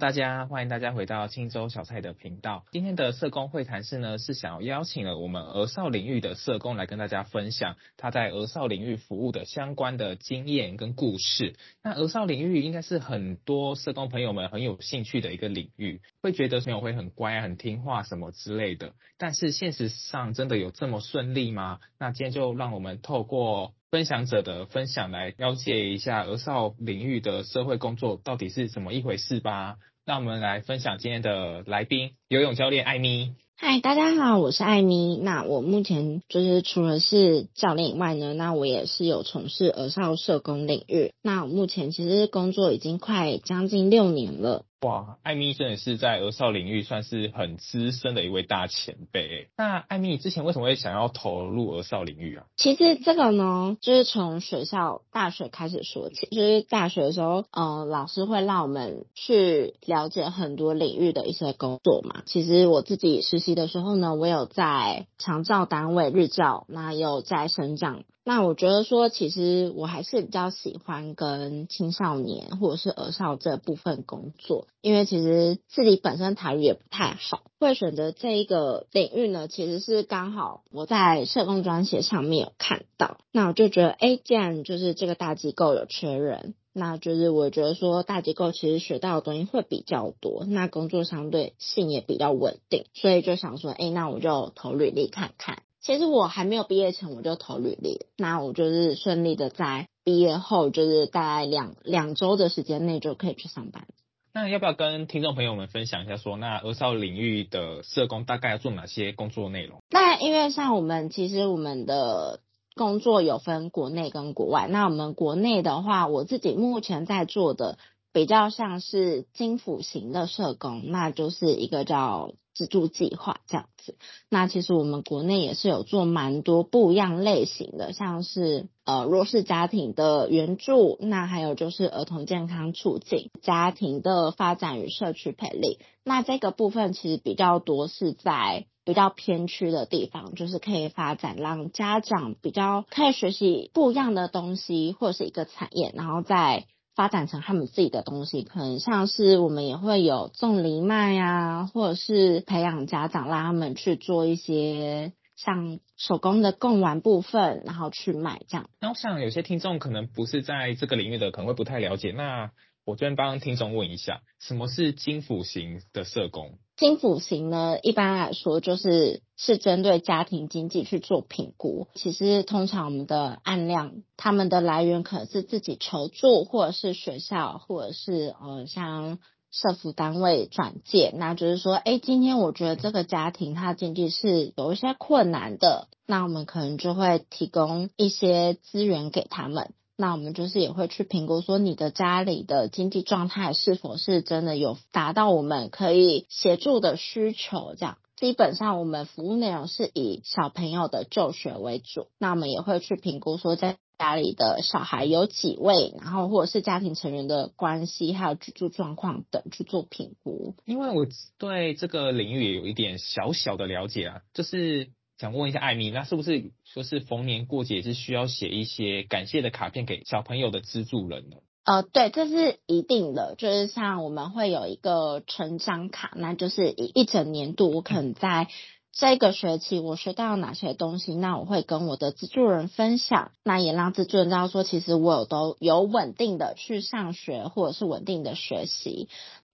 大家，歡迎大家回到清粥小菜的頻道。今天的社工會談室呢，是想要邀請了我們兒少領域的社工來跟大家分享他在兒少領域服務的相關的經驗跟故事。那兒少領域應該是很多社工朋友們很有興趣的一個領域，會覺得朋友會很乖、很聽話什麼之類的。但是，現實上真的有這麼順利嗎？那今天就讓我們透過分享者的分享來了解一下兒少領域的社會工作到底是怎麼一回事吧。那我們來分享今天的來賓，游泳教練艾咪。嗨，大家好，我是艾咪。那我目前就是除了是教練以外呢，那我也是有從事兒少社工領域。那我目前其實工作已經快將近六年了。哇，艾咪真的是在兒少領域算是很資深的一位大前輩欸。那艾咪，你之前為什麼會想要投入兒少領域啊？其實這個呢，就是從學校大學開始說起。就是大學的時候，嗯、呃，老師會讓我們去了解很多領域的一些工作嘛。其實我自己實習的時候呢，我有在長照單位、日照，那也有在生長。那我覺得說，其實我還是比較喜歡跟青少年或者是兒少這部分工作，因為其實自己本身台語也不太好，會選擇這一個領域呢，其實是剛好我在社工專寫上面有看到，那我就覺得，哎，既然就是這個大機構有缺人，那就是我覺得說大機構其實學到的東西會比較多，那工作相對性也比較穩定，所以就想說，哎，那我就投履歷看看。其實我還沒有畢業前，我就投履歷，那我就是順利的在畢業後，就是大概兩兩週的時間內就可以去上班。那要不要跟聽眾朋友們分享一下說，說那兒少領域的社工大概要做哪些工作內容？那因為像我們其實我們的工作有分國內跟國外，那我們國內的話，我自己目前在做的。比較像是金輔型的社工，那就是一個叫資助計劃這樣子。那其實我們國內也是有做蠻多不一樣類型的，像是呃弱勢家庭的援助，那還有就是兒童健康促進、家庭的發展與社區培力。那這個部分其實比較多是在比較偏區的地方，就是可以發展讓家長比較可以學習不一樣的東西，或者是一個產業，然後再。發展成他們自己的東西，可能像是我們也會有種藜麥呀，或者是培養家長讓他們去做一些像手工的貢丸部分，然後去賣這樣。那我想有些聽眾可能不是在這個領域的，可能會不太了解那。我這邊幫聽眾問一下，什麼是經扶型的社工？經扶型呢，一般來說就是是針對家庭經濟去做評估。其實通常我們的案量，他們的來源可能是自己求助，或者是學校，或者是呃像社福單位轉介。那就是說，哎，今天我覺得這個家庭他經濟是有一些困難的，那我們可能就會提供一些資源給他們。那我們就是也會去評估，說你的家裡的經濟狀態是否是真的有達到我們可以協助的需求。這樣，基本上我們服務內容是以小朋友的就學為主。那我們也會去評估，說在家裡的小孩有幾位，然後或者是家庭成員的關係，還有居住、住狀況等去做評估。因為我對這個領域也有一點小小的了解啊，就是。想問一下艾咪，那是不是說是逢年過節是需要寫一些感謝的卡片給小朋友的資助人呢？呃，對，這是一定的。就是像我們會有一個成長卡，那就是一一整年度，我可能在這個學期我學到哪些東西，那我會跟我的資助人分享，那也讓資助人知道說，其實我有都有穩定的去上學或者是穩定的學習。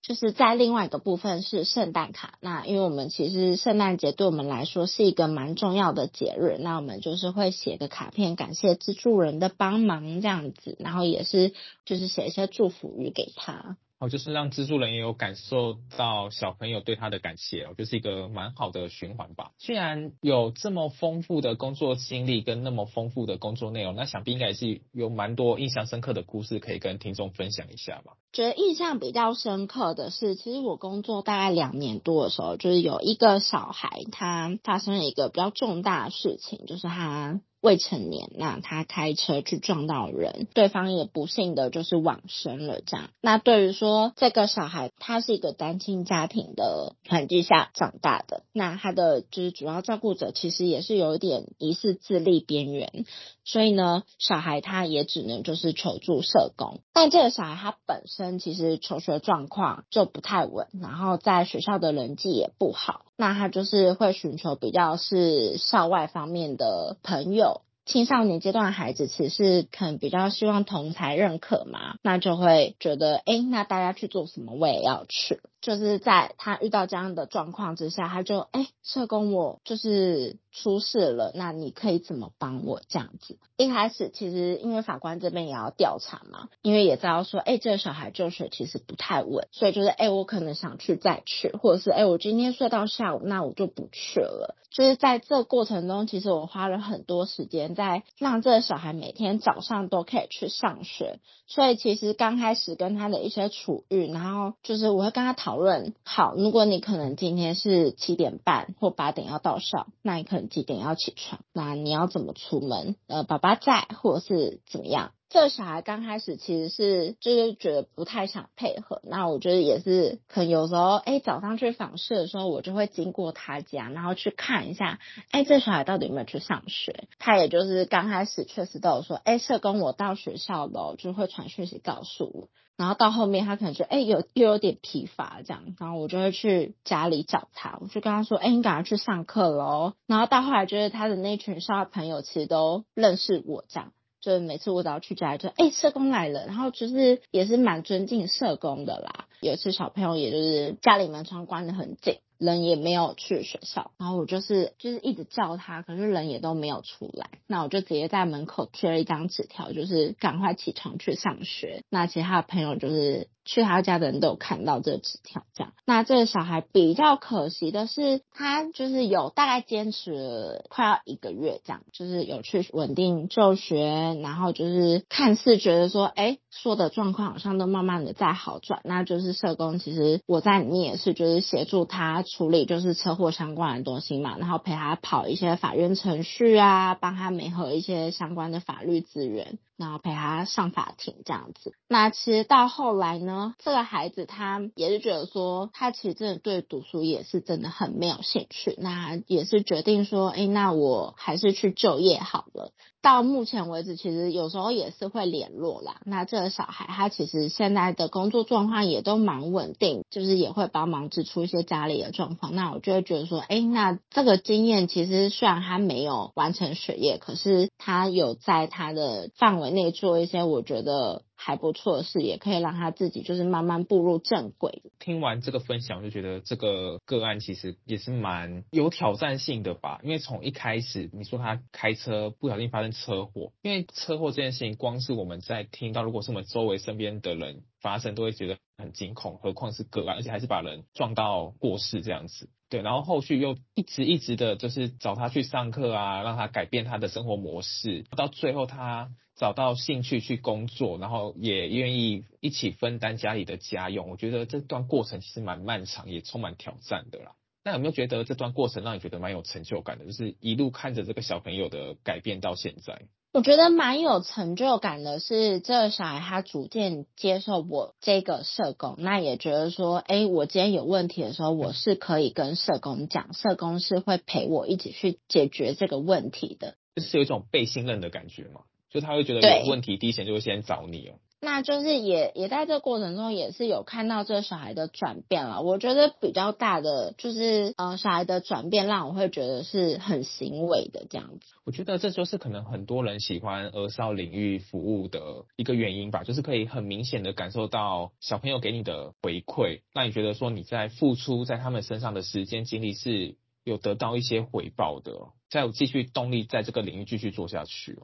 就是在另外一個部分是聖誕卡，那因為我們其實聖誕節對我們來說是一個蠻重要的節日，那我們就是會寫個卡片感謝資助人的幫忙這樣子，然後也是就是寫一些祝福語給他。哦，就是讓資助人也有感受到小朋友對他的感謝，我覺得是一個蠻好的循環吧。既然有這麼豐富的工作經歷跟那麼豐富的工作內容，那想必應該也是有蠻多印象深刻的故事可以跟聽眾分享一下吧。覺得印象比較深刻的是，其實我工作大概兩年多的時候，就是有一個小孩，他發生了一個比較重大的事情，就是他。未成年，那他開車去撞到人，對方也不幸的就是往生了。這樣，那對於說這個小孩，他是一個單親家庭的環境下長大的，那他的就是主要照顧者其實也是有一點疑似自立邊緣，所以呢，小孩他也只能就是求助社工。但這個小孩他本身其實求學狀況就不太穩，然後在學校的人際也不好。那他就是會尋求比較是校外方面的朋友，青少年階段的孩子其實可能比較希望同儕認可嘛，那就會覺得，哎、欸，那大家去做什麼我也要去。就是在他遇到這樣的狀況之下，他就哎、欸，社工我就是出事了，那你可以怎麼幫我這樣子？一開始其實因為法官這邊也要調查嘛，因為也知道說，哎、欸，這個小孩就學其實不太穩，所以就是哎、欸，我可能想去再去，或者是哎、欸，我今天睡到下午，那我就不去了。就是在這過程中，其實我花了很多時間在讓這個小孩每天早上都可以去上學，所以其實剛開始跟他的一些處遇，然後就是我會跟他討。討論好，如果你可能今天是七點半或八點要到校，那你可能幾點要起床？那你要怎麼出門？呃，爸爸在，或者是怎麼樣？這小孩剛開始其實是就是覺得不太想配合，那我覺得也是，可能有時候哎，早上去訪視的時候，我就會經過他家，然後去看一下，哎，這小孩到底有沒有去上學？他也就是剛開始確實都有說，哎，社工我到學校了哦，就會傳訊息告訴我。然後到後面他可能就哎有又，又有點疲乏這樣，然後我就會去家裡找他，我就跟他說，哎，你趕快去上課嘍。然後到後來就是他的那群小朋友其實都認識我這樣。就每次我都要去家裡就，就、欸、哎，社工來了，然後其實也是蠻尊敬社工的啦。有一次小朋友，也就是家裡門窗關的很緊。人也沒有去學校，然後我就是就是一直叫他，可是人也都沒有出來，那我就直接在門口貼了一張紙條，就是趕快起床去上學。那其他朋友就是去他家的人都有看到這個紙條，這樣。那這個小孩比較可惜的是，他就是有大概堅持了快要一個月，這樣就是有去穩定就學，然後就是看似覺得說，哎、欸，說的狀況好像都慢慢的在好轉。那就是社工，其實我在裡面也是就是協助他。處理就是車禍相關的東西嘛，然後陪他跑一些法院程序啊，幫他媒合一些相關的法律資源。然後陪他上法庭這樣子。那其實到後來呢，這個孩子他也是覺得說，他其實真的對讀書也是真的很沒有興趣。那也是決定說，哎，那我還是去就業好了。到目前為止，其實有時候也是會聯絡啦。那這個小孩他其實現在的工作狀況也都蠻穩定，就是也會幫忙支出一些家裡的狀況。那我就會覺得說，哎，那這個經驗其實，雖然他沒有完成學業，可是他有在他的範圍內做一些我覺得還不錯的事，也可以讓他自己就是慢慢步入正軌。聽完這個分享，我就覺得這個個案其實也是蠻有挑戰性的吧。因為從一開始你說他開車不小心發生車禍，因為車禍這件事情，光是我們在聽到，如果是我們周圍身邊的人發生，都會覺得很驚恐，何況是個案，而且還是把人撞到過世這樣子。對，然後後續又一直一直的，就是找他去上課啊，讓他改變他的生活模式，到最後他找到興趣去工作，然後也願意一起分擔家裡的家用。我覺得這段過程其實蠻漫長，也充滿挑戰的啦。那有沒有覺得這段過程讓你覺得蠻有成就感的？就是一路看着這個小朋友的改變到現在？我覺得蠻有成就感的是，這個小孩他逐漸接受我這個社工，那也覺得說，哎，我今天有問題的時候，我是可以跟社工講，社工是會陪我一起去解決這個問題的，就是有一種被信任的感覺嘛，就他會覺得有問題，第一時間就會先找你哦。那就是也，也在這個過程中也是有看到這小孩的轉變了，我覺得比較大的就是呃，小孩的轉變讓我會覺得是很欣慰的這樣子。我覺得這就是可能很多人喜歡兒少領域服務的一個原因吧，就是可以很明顯的感受到小朋友給你的回饋，讓你覺得說你在付出在他們身上的時間精力是有得到一些回報的，再有繼續動力在這個領域繼續做下去。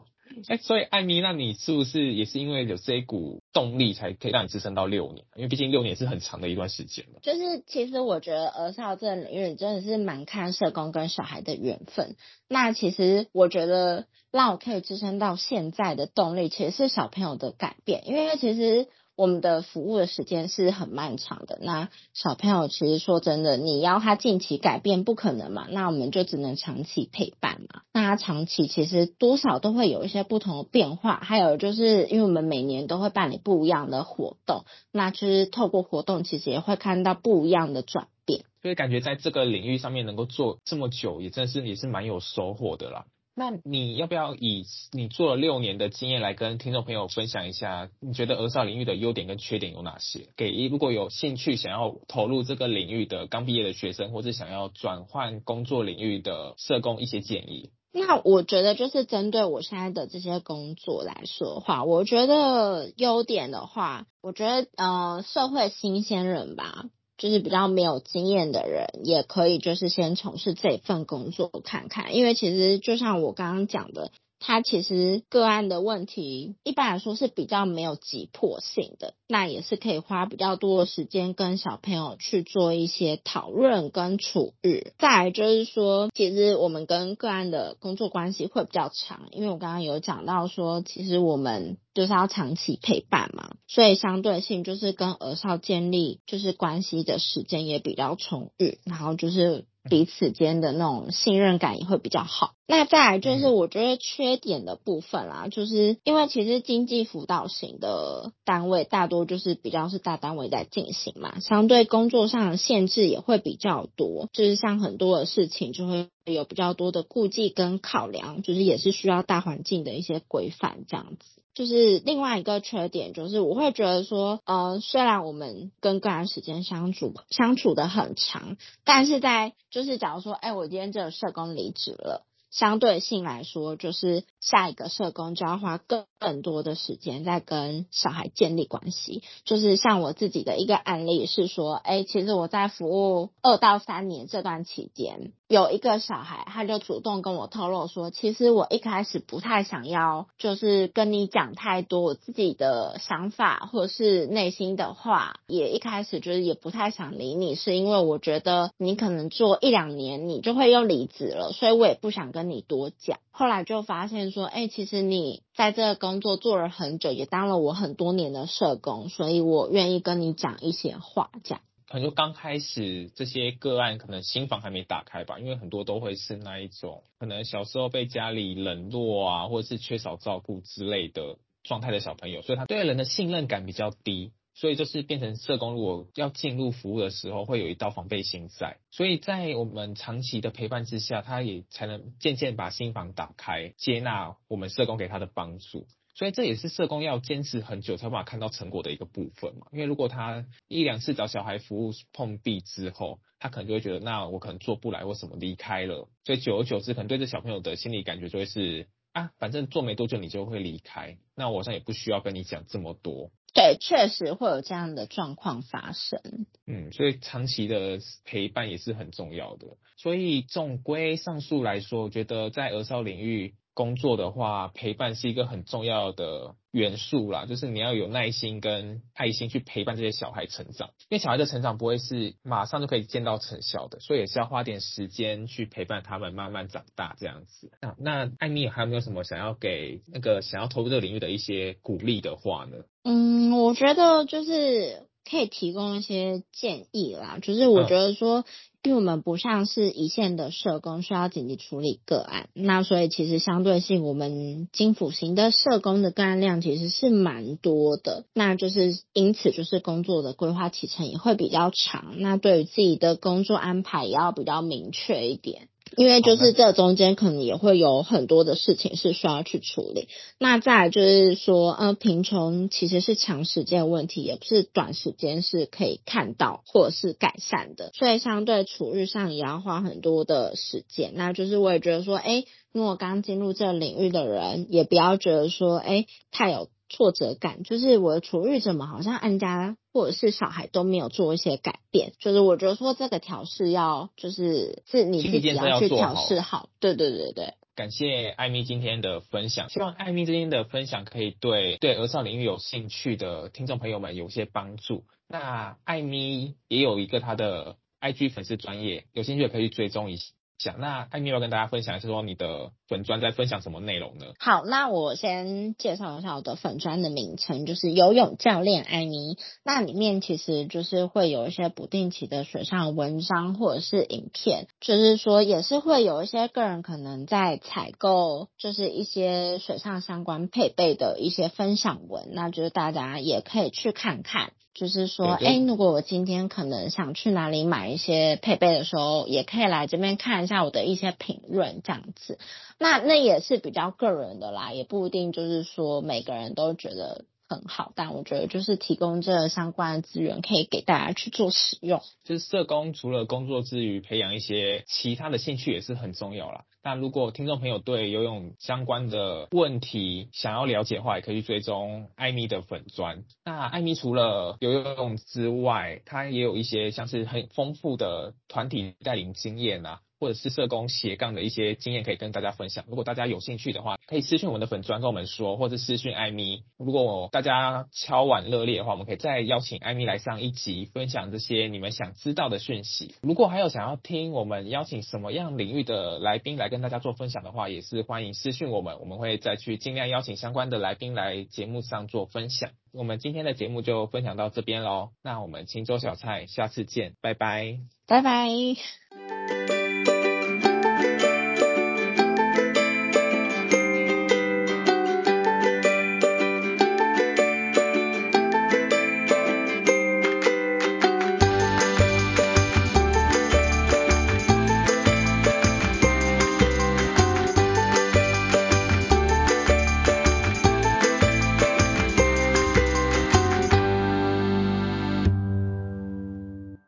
哎、欸，所以艾咪，I mean, 那你是不是也是因為有這一股動力，才可以讓你支撐到六年？因為畢竟六年是很長的一段時間。就是其實我覺得兒少這個領域真的是蠻看社工跟小孩的緣分。那其實我覺得讓我可以支撐到現在的動力，其實是小朋友的改變。因為其實。我們的服務的時間是很漫長的。那小朋友其實說真的，你要他近期改變不可能嘛，那我們就只能長期陪伴嘛。那他長期其實多少都會有一些不同的變化。還有就是因為我們每年都會辦理不一樣的活動，那就是透過活動其實也會看到不一樣的轉變。所以感覺在這個領域上面能夠做這麼久，也真是也是蠻有收穫的啦。那，你要不要以你做了六年的經驗來跟聽眾朋友分享一下？你覺得兒少領域的優點跟缺點有哪些？給如果有興趣想要投入這個領域的剛畢業的學生，或是想要轉換工作領域的社工一些建議？那我覺得就是針對我現在的這些工作來說的話，我覺得優點的話，我覺得呃社會新鮮人吧。就是比較沒有經驗的人，也可以就是先從事這份工作看看，因為其實就像我剛剛講的。他其實個案的問題，一般來說是比較沒有急迫性的，那也是可以花比較多的時間跟小朋友去做一些討論跟處遇。再來就是說，其實我們跟個案的工作關係會比較長，因為我剛剛有講到說，其實我們就是要長期陪伴嘛，所以相對性就是跟兒少建立就是關係的時間也比較充裕，然後就是。彼此間的那種信任感，也會比較好。那再來就是，我覺得缺點的部分啦、啊，就是因為其實經濟輔導型的單位大多就是比較是大單位在進行嘛，相對工作上的限制也會比較多，就是像很多的事情就會有比較多的顧忌跟考量，就是也是需要大環境的一些規範這樣子。就是另外一個缺點，就是我會覺得說，呃，雖然我們跟個人時間相處相處的很長，但是在就是假如說，哎、欸，我今天這個社工離職了。相對性來說，就是下一個社工就要花更更多的時間在跟小孩建立關係。就是像我自己的一個案例是說，哎、欸，其實我在服務二到三年這段期間，有一個小孩，他就主動跟我透露說，其實我一開始不太想要，就是跟你講太多我自己的想法或者是內心的話，也一開始就是也不太想理你是，是因為我覺得你可能做一兩年，你就會又離職了，所以我也不想跟。你多講，後來就發現說，哎、欸，其實你在這個工作做了很久，也當了我很多年的社工，所以我願意跟你講一些話，這樣。可能就剛開始這些個案，可能心房還沒打開吧。因為很多都會是那一種，可能小時候被家裡冷落啊，或者是缺少照顧之類的狀態的小朋友，所以他對的人的信任感比較低。所以就是變成社工，如果要進入服務的時候，會有一道防備心在。所以在我們長期的陪伴之下，他也才能漸漸把心房打開，接納我們社工給他的幫助。所以這也是社工要堅持很久才有辦法看到成果的一個部分嘛。因為如果他一兩次找小孩服務碰壁之後，他可能就會覺得，那我可能做不來或什麼離開了。所以久而久之，可能對這小朋友的心理感覺就會是啊，反正做沒多久你就會離開，那我好像也不需要跟你講這麼多。對，確實會有這樣的狀況發生。嗯，所以長期的陪伴也是很重要的。所以總歸上述來說，我覺得在兒少領域工作的話，陪伴是一個很重要的元素啦。就是你要有耐心跟愛心去陪伴這些小孩成長，因為小孩的成長不會是馬上就可以見到成效的，所以也是要花點時間去陪伴他們慢慢長大這樣子。啊、那那艾咪，還有沒有什麼想要給那個想要投入這個領域的一些鼓勵的話呢？嗯，我覺得就是可以提供一些建議啦。就是我覺得說，因為我們不像是一線的社工需要緊急處理個案，那所以其實相對性，我們金府型的社工的個案量其實是蠻多的。那就是因此，就是工作的規劃起程也會比較長。那對於自己的工作安排，也要比較明確一點。因為就是這中間可能也會有很多的事情是需要去處理。那再來就是說，呃，貧窮其實是長時間的問題，也不是短時間是可以看到或者是改善的，所以相對處理上也要花很多的時間。那就是我也覺得說，哎、欸，如果剛進入這領域的人，也不要覺得說，哎、欸，太有。挫折感，就是我的處遇者們好像案家或者是小孩都沒有做一些改變，就是我覺得說這個調適要就是是你自己要去調適好，對對對對。感謝艾咪今天的分享，希望艾咪今天的分享可以對對兒少領域有興趣的聽眾朋友們有些幫助。那艾咪也有一個他的 IG 粉絲專業，有興趣的可以去追蹤一下。講，那艾咪要跟大家分享一下是說你的粉專在分享什麼內容呢？好，那我先介紹一下我的粉專的名稱，就是游泳教練艾咪。那裡面其實就是會有一些不定期的水上文章或者是影片，就是說也是會有一些個人可能在採購，就是一些水上相關配備的一些分享文，那就是大家也可以去看看，就是說，哎、欸，如果我今天可能想去哪裡買一些配備的時候，也可以來這邊看一下我的一些評論這樣子。那那也是比較個人的啦，也不一定就是說每個人都覺得。很好，但我覺得就是提供這相關的資源，可以給大家去做使用。就是社工除了工作之餘，培養一些其他的興趣也是很重要啦。那如果聽眾朋友對游泳相關的問題想要了解的話，也可以去追蹤艾咪的粉專。那艾咪除了游泳之外，她也有一些像是很豐富的團體帶領經驗吶。或者是社工斜槓的一些經驗可以跟大家分享，如果大家有興趣的話，可以私訊我們的粉專跟我們說，或者私訊艾咪。如果大家敲碗熱烈的話，我們可以再邀請艾咪來上一集分享這些你們想知道的訊息。如果還有想要聽我們邀請什麼樣領域的來賓來跟大家做分享的話，也是歡迎私訊我們，我們會再去盡量邀請相關的來賓來節目上做分享。我們今天的節目就分享到這邊嘍，那我們清粥小菜下次見，拜拜，拜拜。